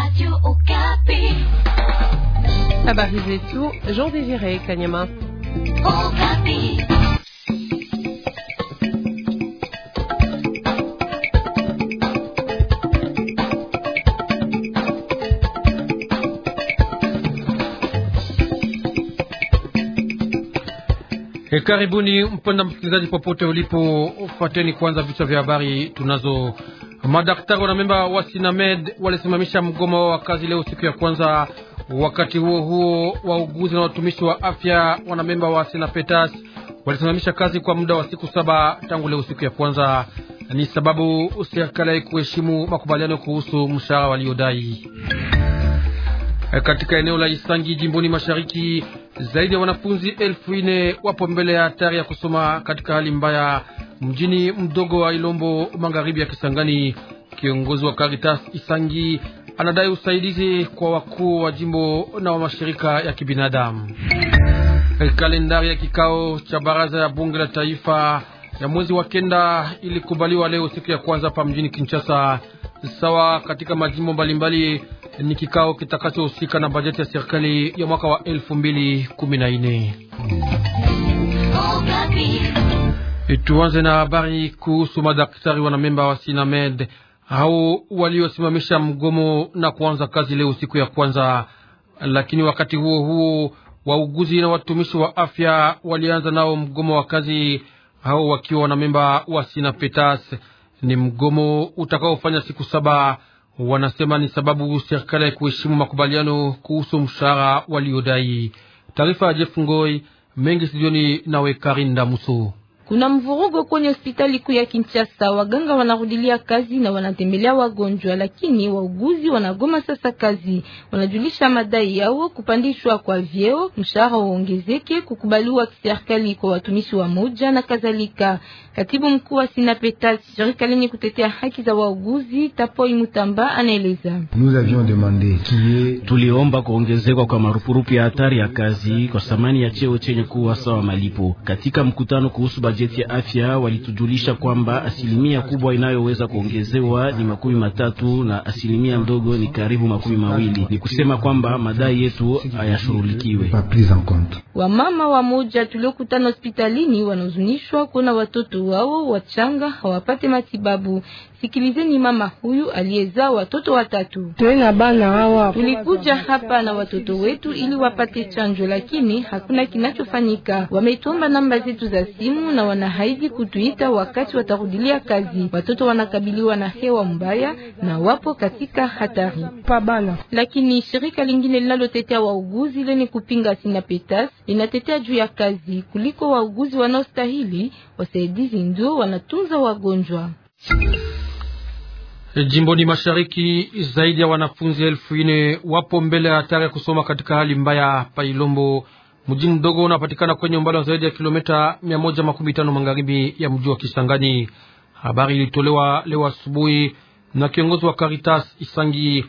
Radio Okapi. Habari ah zetu Jean Désiré Kanyama. Okapi. E, karibuni mpenda msikilizaji popote ulipo, fuateni kwanza vichwa vya habari tunazo Madaktari wanamemba wa Sinamed walisimamisha mgomo wa kazi leo siku ya kwanza. Wakati huo huo, wauguzi na watumishi wa afya wanamemba wa Sinapetas walisimamisha kazi kwa muda wa siku saba tangu leo siku ya kwanza, ni sababu serikali haikuheshimu makubaliano kuhusu mshahara waliodai. Katika eneo la Isangi jimboni mashariki, zaidi ya wanafunzi elfu ine wapo mbele ya hatari ya kusoma katika hali mbaya mjini mdogo wa Ilombo, magharibi ya Kisangani. Kiongozi wa Caritas Isangi anadai usaidizi kwa wakuu wa jimbo na wa mashirika ya kibinadamu. Kalendari ya kikao cha baraza ya bunge la taifa ya mwezi wa kenda ilikubaliwa leo siku ya kwanza pa mjini Kinshasa, sawa katika majimbo mbalimbali. Ni kikao kitakachohusika na bajeti ya serikali ya mwaka wa elfu mbili kumi na nne. Oh, E, tuanze na habari kuhusu madaktari wanamemba wa Sinamed hao waliosimamisha mgomo na kuanza kazi leo siku ya kwanza, lakini wakati huo huo wauguzi na watumishi wa afya walianza nao mgomo wa kazi, hao wakiwa memba wa Sinapetas. Ni mgomo utakaofanya siku saba. Wanasema ni sababu serikali ya kuheshimu makubaliano kuhusu mshahara waliodai. Taarifa ya Jeff Ngoi mengi sijoni nawe Karinda Musu. Kuna mvurugo kwenye hospitali kuu ya Kinshasa. Waganga wanarudilia kazi na wanatembelea wagonjwa, lakini wauguzi wanagoma sasa kazi. Wanajulisha madai yao: kupandishwa kwa vyeo, mshahara uongezeke, kukubaliwa kiserikali kwa watumishi wa moja na kadhalika. Katibu mkuu wa Sinapeta, shirika lenye kutetea haki za wauguzi, Tapoi Mutamba anaeleza: tuliomba kuongezekwa kwa marupurupu ya hatari ya kazi kwa thamani ya cheo chenye kuwa sawa malipo katika mkutano kuhusu bajeti ya afya walitujulisha kwamba asilimia kubwa inayoweza kuongezewa ni makumi matatu na asilimia ndogo ni karibu makumi mawili. Ni kusema kwamba madai yetu hayashughulikiwe. Wamama wa moja tuliokutana hospitalini wanahuzunishwa kuona watoto wao wachanga hawapate matibabu. Sikilizeni mama huyu aliyezaa watoto watatu. tulikuja hapa na watoto wetu ili wapate chanjo, lakini hakuna kinachofanyika. Wametomba namba zetu za simu na wanahaidi kutuita wakati watarudilia kazi. Watoto wanakabiliwa na hewa mbaya na wapo katika hatari Pabana. Lakini shirika lingine linalotetea wauguzi lenye kupinga Sinapetas linatetea juu ya kazi kuliko wauguzi wanaostahili. Wasaidizi ndio wanatunza wagonjwa. Jimboni Mashariki, zaidi ya wanafunzi elfu ine wapo mbele ya hatari ya kusoma katika hali mbaya pa Ilombo Mji mdogo unapatikana kwenye umbali wa zaidi ya kilomita tano magharibi ya mji wa Kisangani. Habari ilitolewa leo asubuhi na kiongozi wa Caritas Isangi.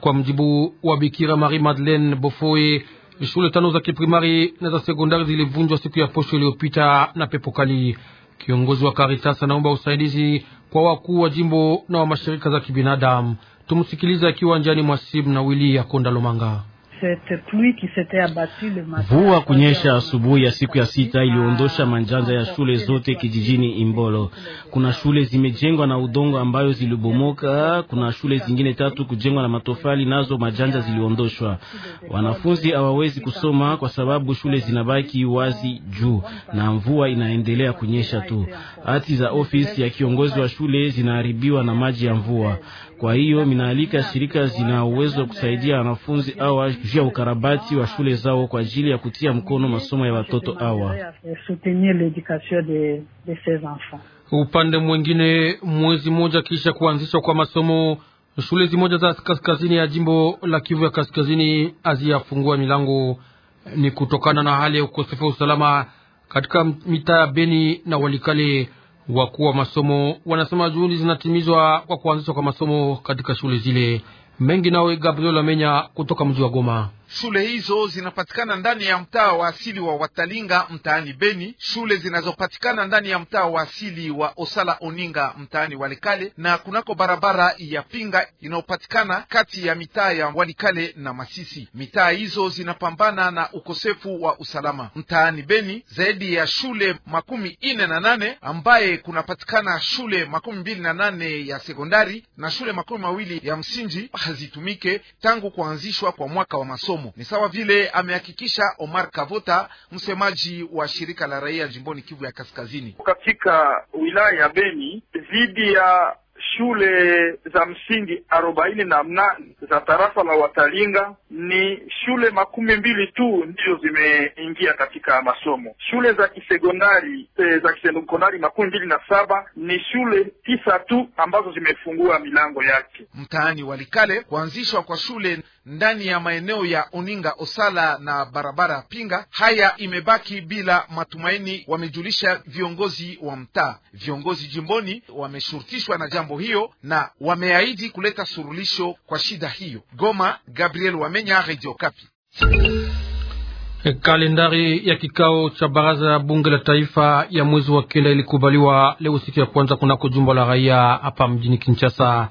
Kwa mjibu wa Bikira Marie Madeleine Bofoe, shule tano za kiprimari na za sekondari zilivunjwa siku ya posho iliyopita na pepo kali. Kiongozi wa Caritas anaomba usaidizi kwa wakuu wa jimbo na wa mashirika za kibinadamu. Tumsikilize akiwa njiani mwa Sibu na Wili ya Konda Lomanga. Mvua kunyesha asubuhi ya siku ya sita iliondosha manjanja ya shule zote kijijini Imbolo. Kuna shule zimejengwa na udongo ambayo zilibomoka, kuna shule zingine tatu kujengwa na matofali, nazo majanja ziliondoshwa. Wanafunzi hawawezi kusoma kwa sababu shule zinabaki wazi juu na mvua inaendelea kunyesha tu. Hati za ofisi ya kiongozi wa shule zinaharibiwa na maji ya mvua. Kwa hiyo minaalika shirika zina uwezo wa kusaidia wanafunzi au vya ukarabati wa shule zao kwa ajili ya kutia mkono masomo ya watoto hawa. Upande mwingine, mwezi mmoja kisha kuanzishwa kwa masomo, shule zimoja za kaskazini ya jimbo la Kivu ya kaskazini haziyafungua milango. Ni kutokana na hali ya ukosefu wa usalama katika mitaa ya Beni na Walikale. Wakuu wa masomo wanasema juhudi zinatimizwa kwa kuanzishwa kwa masomo katika shule zile mengi nawe Gabriel Amenya kutoka mji wa Goma. Shule hizo zinapatikana ndani ya mtaa wa asili wa Watalinga mtaani Beni, shule zinazopatikana ndani ya mtaa wa asili wa Osala Oninga mtaani Walikale, na kunako barabara ya Pinga inayopatikana kati ya mitaa ya Walikale na Masisi. Mitaa hizo zinapambana na ukosefu wa usalama mtaani Beni. Zaidi ya shule makumi ine na nane ambaye kunapatikana shule makumi mbili na nane ya sekondari na shule makumi mawili ya msingi hazitumike tangu kuanzishwa kwa mwaka wa masomo humo Ni sawa vile amehakikisha Omar Kavota, msemaji wa shirika la raia jimboni Kivu ya Kaskazini, katika wilaya ya Beni dhidi ya shule za msingi arobaini na mnane za tarafa la Watalinga ni shule makumi mbili tu ndizo zimeingia katika masomo. Shule za kisekondari e, za kisekondari makumi mbili na saba ni shule tisa tu ambazo zimefungua milango yake. Mtaani Walikale kuanzishwa kwa shule ndani ya maeneo ya Uninga, Osala na barabara Pinga. Haya imebaki bila matumaini, wamejulisha viongozi wa mtaa. Viongozi jimboni wameshurutishwa na jambo hiyo na wameahidi kuleta surulisho kwa shida hiyo. Goma, Gabriel Wamenya, Radio Kapi. Kalendari ya kikao cha baraza ya bunge la taifa ya mwezi wa kenda ilikubaliwa leo siku ya kwanza kunako jumba la raia hapa mjini Kinshasa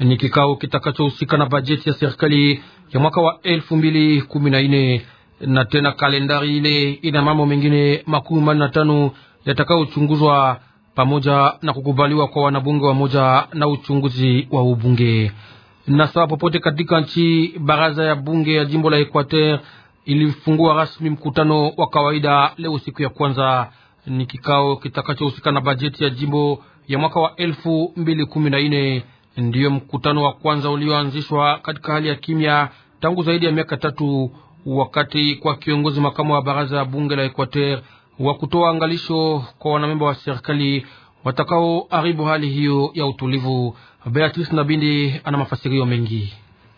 ni kikao kitakachohusika na bajeti ya serikali ya mwaka wa elfu mbili kumi na nne na tena kalendari ile ina mambo mengine makumi manne na tano yatakayochunguzwa pamoja na kukubaliwa kwa wanabunge wamoja na uchunguzi wa ubunge na sawa popote katika nchi. Baraza ya bunge ya jimbo la Equateur ilifungua rasmi mkutano wa kawaida leo siku ya kwanza. Ni kikao kitakachohusika na bajeti ya jimbo ya mwaka wa elfu mbili kumi na nne Ndiyo mkutano wa kwanza ulioanzishwa katika hali ya kimya tangu zaidi ya miaka tatu, wakati kwa kiongozi makamu wa baraza ya bunge la Equateur wa kutoa angalisho kwa wanamemba wa serikali watakaoharibu hali hiyo ya utulivu. Beatrice Nabindi ana mafasirio mengi.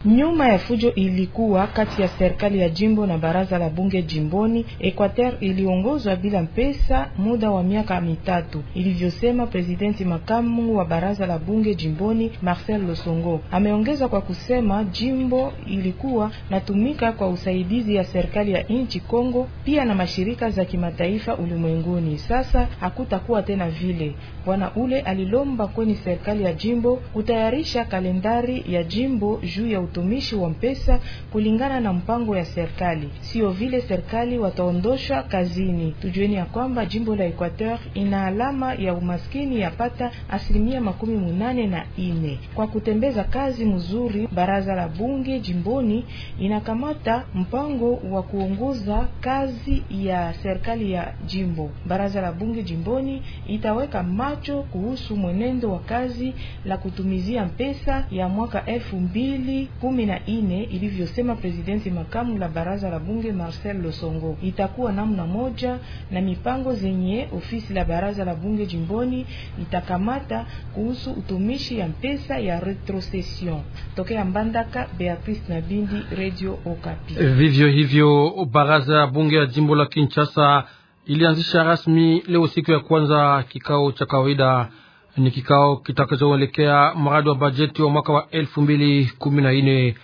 Nyuma ya fujo ilikuwa kati ya serikali ya jimbo na baraza la bunge jimboni, Equateur iliongozwa bila pesa muda wa miaka mitatu, ilivyosema presidenti makamu wa baraza la bunge jimboni Marcel Losongo. Ameongeza kwa kusema jimbo ilikuwa natumika kwa usaidizi ya serikali ya nchi Kongo, pia na mashirika za kimataifa ulimwenguni. Sasa hakutakuwa tena vile. Bwana ule alilomba kweni serikali ya jimbo kutayarisha kalendari ya jimbo juu ya utumishi wa mpesa kulingana na mpango ya serikali, sio vile serikali wataondosha kazini. Tujueni ya kwamba jimbo la Equateur ina alama ya umaskini yapata asilimia makumi munane na ine. Kwa kutembeza kazi mzuri, baraza la bunge jimboni inakamata mpango wa kuongoza kazi ya serikali ya jimbo. Baraza la bunge jimboni itaweka macho kuhusu mwenendo wa kazi la kutumizia mpesa ya mwaka elfu mbili kumi na ine ilivyosema presidenti makamu la baraza la bunge Marcel Losongo. Itakuwa namna moja na mipango zenye ofisi la baraza la bunge jimboni itakamata kuhusu utumishi ya mpesa ya retrocession. Tokea Mbandaka, Beatrice Nabindi, Radio Okapi. Vivyo hivyo baraza ya bunge ya jimbo la Kinshasa ilianzisha rasmi leo siku ya kwanza kikao cha kawaida ni kikao kitakachoelekea mradi wa bajeti wa mwaka wa elfu mbili kumi na nne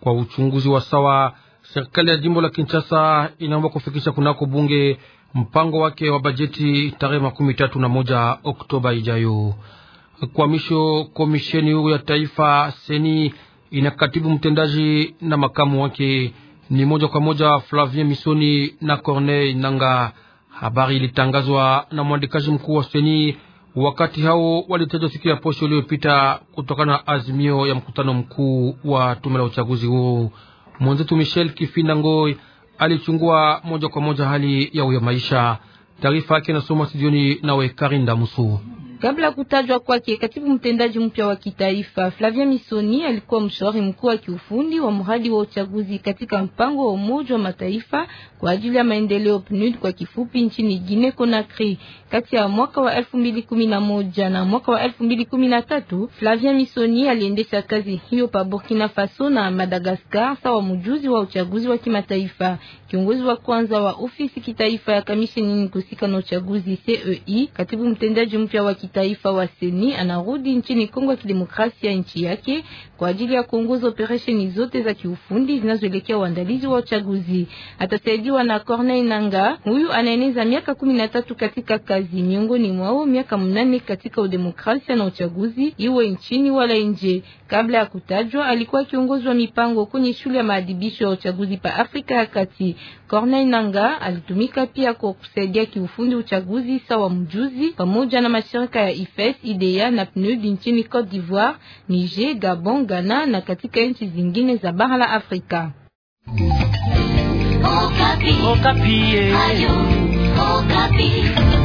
kwa uchunguzi wa sawa. Serikali ya jimbo la Kinshasa inaomba kufikisha kunako bunge mpango wake wa bajeti tarehe makumi tatu na moja Oktoba ijayo. Kwa misho, komisheni huru ya taifa seni ina katibu mtendaji na makamu wake ni moja kwa moja Flavien Misoni na Corneille Nanga. Habari ilitangazwa na mwandikaji mkuu wa seni Wakati hao walitajwa siku ya posho iliyopita kutokana na azimio ya mkutano mkuu wa tume la uchaguzi huo. Mwenzetu Michel Kifinda Ngoi alichungua moja kwa moja hali yao ya maisha. Taarifa yake inasoma studioni nawe Karinda Musu. Kabla kutajwa kwake katibu mtendaji mpya wa kitaifa Flavia Misoni alikuwa mshauri mkuu wa kiufundi wa mradi wa uchaguzi katika mpango wa Umoja wa Mataifa kwa ajili ya maendeleo PNUD kwa kifupi nchini Guinea Conakry. Kati ya mwaka wa 2011 na mwaka wa 2013, Flavia Misoni aliendesha kazi hiyo pa Burkina Faso na Madagascar sawa mjuzi wa uchaguzi wa kimataifa. Kiongozi wa kwanza wa ofisi kitaifa ya kamisheni kusika na uchaguzi CEI, katibu mtendaji mpya wa kitaifa taifa wa Seni anarudi nchini Kongo ya Kidemokrasia, nchi yake kwa ajili ya kuongoza operesheni zote za kiufundi zinazoelekea uandalizi wa uchaguzi. Atasaidiwa na Corneille Nanga, huyu anaeneza miaka kumi na tatu katika kazi, miongoni mwao miaka mnane katika udemokrasia na uchaguzi, iwe nchini wala nje. Kabla ya kutajwa, alikuwa kiongozi wa mipango kwenye shule ya maadibisho ya uchaguzi pa Afrika ya Kati. Corneille Nanga alitumika pia kwa kusaidia kiufundi uchaguzi sawa mjuzi pamoja na mashirika ya IFES, IDEA na PNUD nchini Cote d'Ivoire, Niger, Gabon Ghana na katika nchi zingine za bara la Afrika. Okapi. Okapi. Eh. Ayo, Okapi.